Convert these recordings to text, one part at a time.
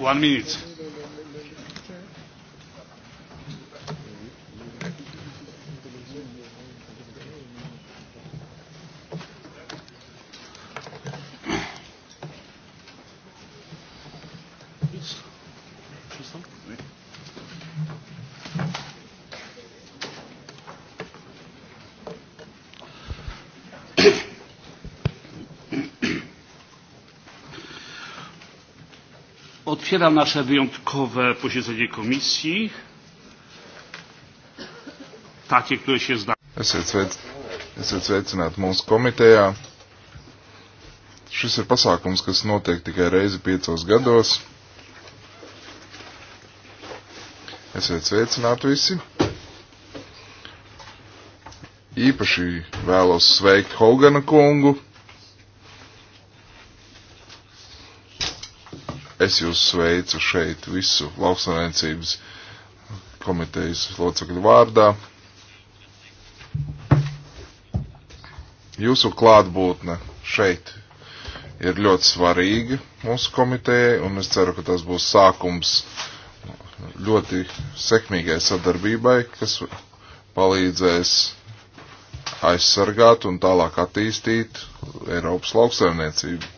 One minute. Otwieram nasze wyjątkowe posiedzenie komisji. Takie, które się zda. Esiet sveicināti mūsu komitejā. Šis ir pasākums, kas notiek tikai reizi piecos gados. Esiet sveicināti visi. Īpaši vēlos sveikt Hogana kungu Es jūs sveicu šeit visu lauksaimniecības komitejas locekļu vārdā. Jūsu klātbūtne šeit ir ļoti svarīga mūsu komitejai, un es ceru, ka tas būs sākums ļoti sekmīgai sadarbībai, kas palīdzēs aizsargāt un tālāk attīstīt Eiropas lauksaimniecību.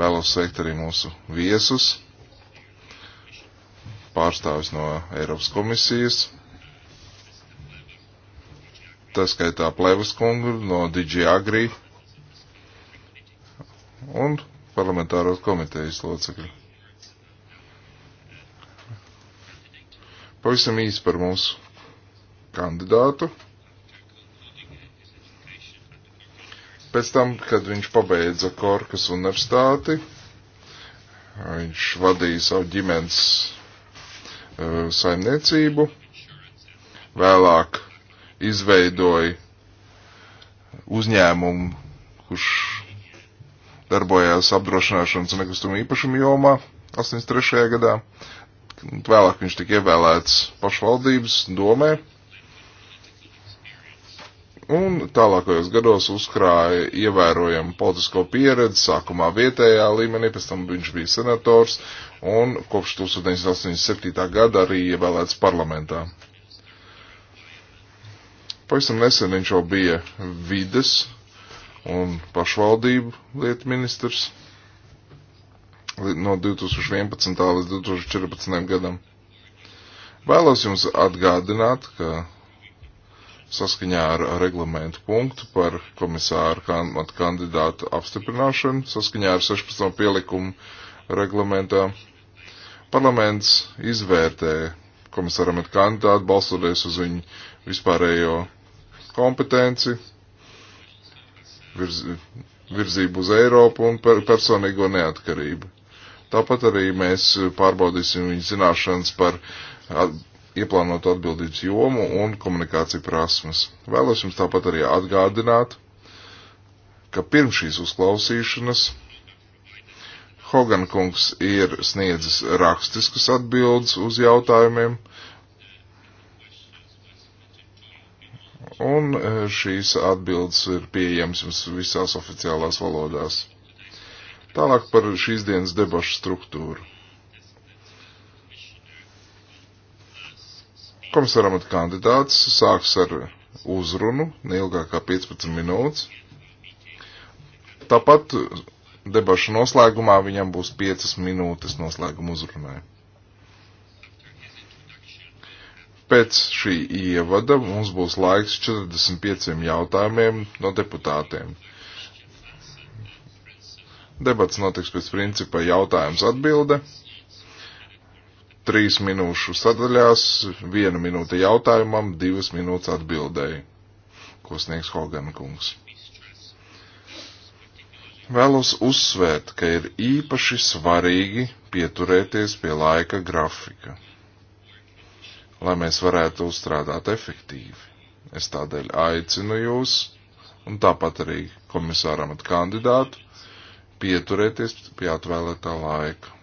Vēlos sveikt arī mūsu viesus, pārstāvis no Eiropas komisijas, tā skaitā Plevas kungu no DJ Agri un parlamentāros komitejas locekļu. Pavisam īsi par mūsu kandidātu. Pēc tam, kad viņš pabeidza Korkas universitāti, viņš vadīja savu ģimenes uh, saimniecību, vēlāk izveidoja uzņēmumu, kurš darbojās apdrošināšanas un nekustuma īpašuma jomā 83. gadā. Vēlāk viņš tika ievēlēts pašvaldības domē un tālākajos gados uzkrāja ievērojamu politisko pieredzi, sākumā vietējā līmenī, pēc tam viņš bija senators un kopš 1987. gada arī ievēlēts parlamentā. Pavisam nesen viņš jau bija vides un pašvaldību lietu ministrs no 2011. līdz 2014. gadam. Vēlos jums atgādināt, ka saskaņā ar reglamentu punktu par komisāru kandidātu apstiprināšanu, saskaņā ar 16. pielikumu reglamentā. Parlaments izvērtē komisāram at kandidātu, balstoties uz viņu vispārējo kompetenci, virz, virzību uz Eiropu un per, personīgo neatkarību. Tāpat arī mēs pārbaudīsim viņu zināšanas par ieplānot atbildības jomu un komunikāciju prasmes. Vēlos jums tāpat arī atgādināt, ka pirms šīs uzklausīšanas Hogan kungs ir sniedzis rakstiskas atbildes uz jautājumiem, un e, šīs atbildes ir pieejams jums visās oficiālās valodās. Tālāk par šīs dienas debašu struktūru. Komisāram at kandidāts sāks ar uzrunu, neilgākā 15 minūtes. Tāpat debašu noslēgumā viņam būs 5 minūtes noslēguma uzrunai. Pēc šī ievada mums būs laiks 45 jautājumiem no deputātiem. Debats notiks pēc principa jautājums atbilde trīs minūšu sadaļās, viena minūte jautājumam, divas minūtes atbildēji, ko sniegs Hogan kungs. Vēlos uzsvērt, ka ir īpaši svarīgi pieturēties pie laika grafika, lai mēs varētu uzstrādāt efektīvi. Es tādēļ aicinu jūs, un tāpat arī komisāram at kandidātu, pieturēties pie atvēlētā laika.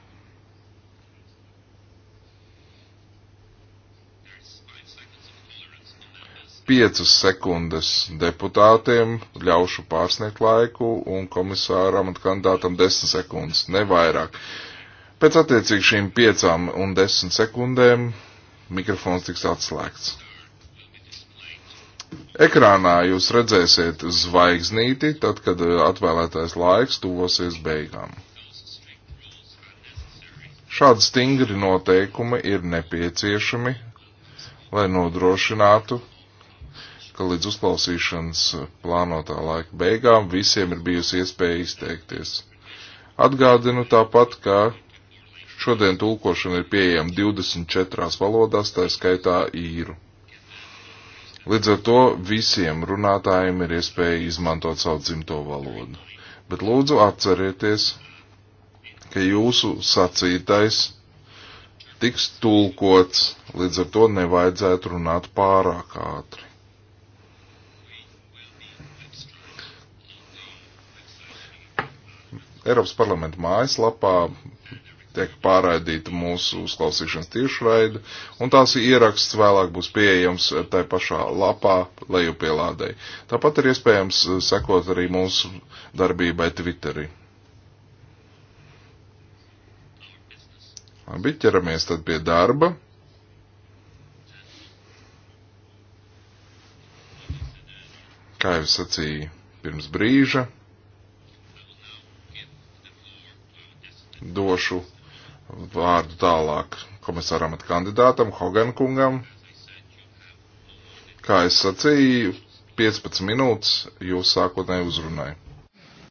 piecas sekundes deputātiem, ļaušu pārsniegt laiku un komisāram un kandidātam desmit sekundes, nevairāk. Pēc attiecīgi šīm piecām un desmit sekundēm mikrofons tiks atslēgts. Ekrānā jūs redzēsiet zvaigznīti, tad, kad eh, atvēlētais laiks tuvosies beigām. Šādi stingri noteikumi ir nepieciešami, lai nodrošinātu, ka līdz uzklausīšanas eh, plānotā laika beigām visiem ir bijusi iespēja izteikties. Atgādinu tāpat, ka šodien tulkošana ir pieejama 24 valodās, tā skaitā īru. Līdz ar to visiem runātājiem ir iespēja izmantot savu dzimto valodu. Bet lūdzu atcerieties, ka jūsu sacītais tiks tulkots, līdz ar to nevajadzētu runāt pārāk ātri. Eiropas parlamenta mājaslapā tiek pārraidīta mūsu uzklausīšanas tiešraida, un tās ieraksts vēlāk būs pieejams tai pašā lapā lejupielādei. Tāpat ir iespējams sekot arī mūsu darbībai Twitterī. Labi, ķeramies tad pie darba. Kā jau sacīju pirms brīža, došu vārdu tālāk komisāram at kandidātam Hogan kungam. Kā es sacīju, 15 minūtes jūs sākotnēji uzrunājat.